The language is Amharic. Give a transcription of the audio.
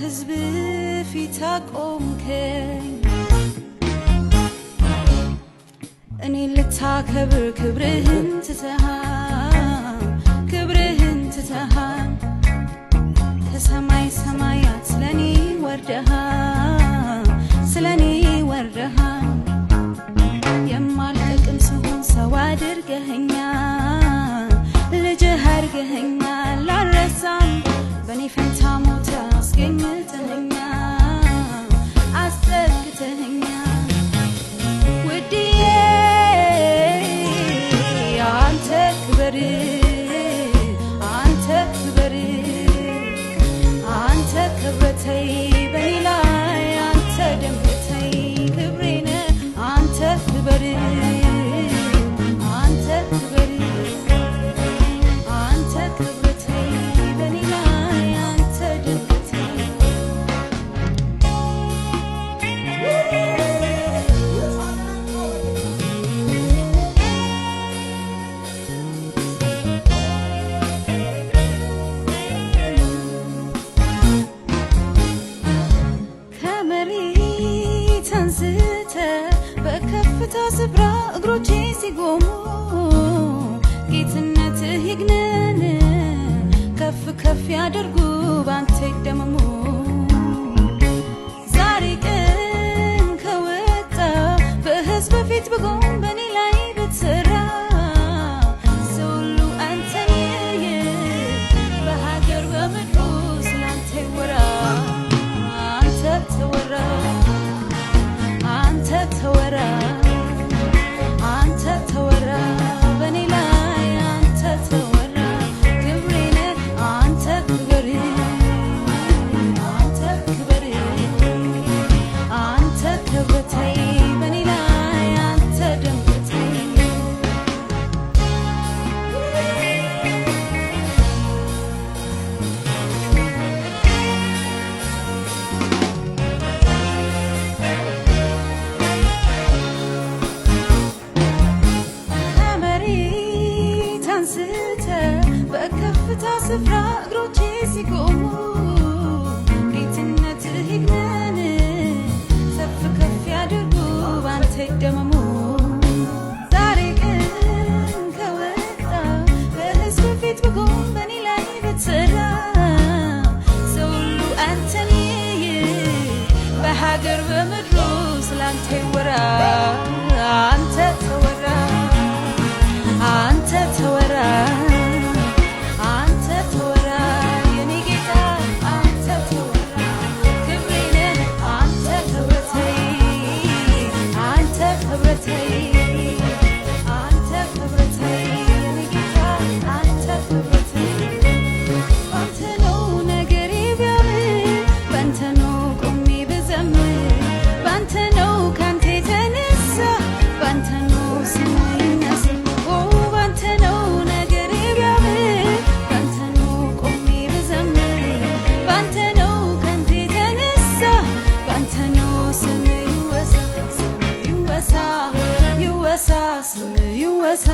በሕዝብ ፊት አቆምከኝ እኔ ልታከብር ክብርህን ትተሃል ክብርህን ትተሃል ከሰማይ ሰማያት ስለኔ ወርደሃል ስለኔ ወርደሃል የማልጠቅም ስሆን ሰው አድርገኸኛል ልጅህ አድርገኸኛል አልረሳም በእኔ ፈንታም king is an አንተ በከፍታ ስፍራ እግሮቼ ሲጎሙ ጌትነት ይግነን ከፍ ከፍ ያደርጉ ባንተ ይደመሙ። ዛሬ ቀን ከወጣ በህዝብ ፊት ብቆም በኔ ላይ ብትሰራ ሰውሉ በሀገር በምድሩ ስላንተ ይወራ አንተ ተወራ አንስተ በከፍታ ስፍራ እግሮቼ ሲቆሙ ጌትነትህ ይግነን ከፍ ከፍ ያድርጉ ባንተ ይደመሙ። ዛሬ ቀን ከወጣ በሕዝብ ፊት ብቆም በእኔ ላይ ብትሰራ ሰው ሁሉ አንተን ይይ በሀገር በምድሩ ስላንተ ይወራ ስም ይወሳ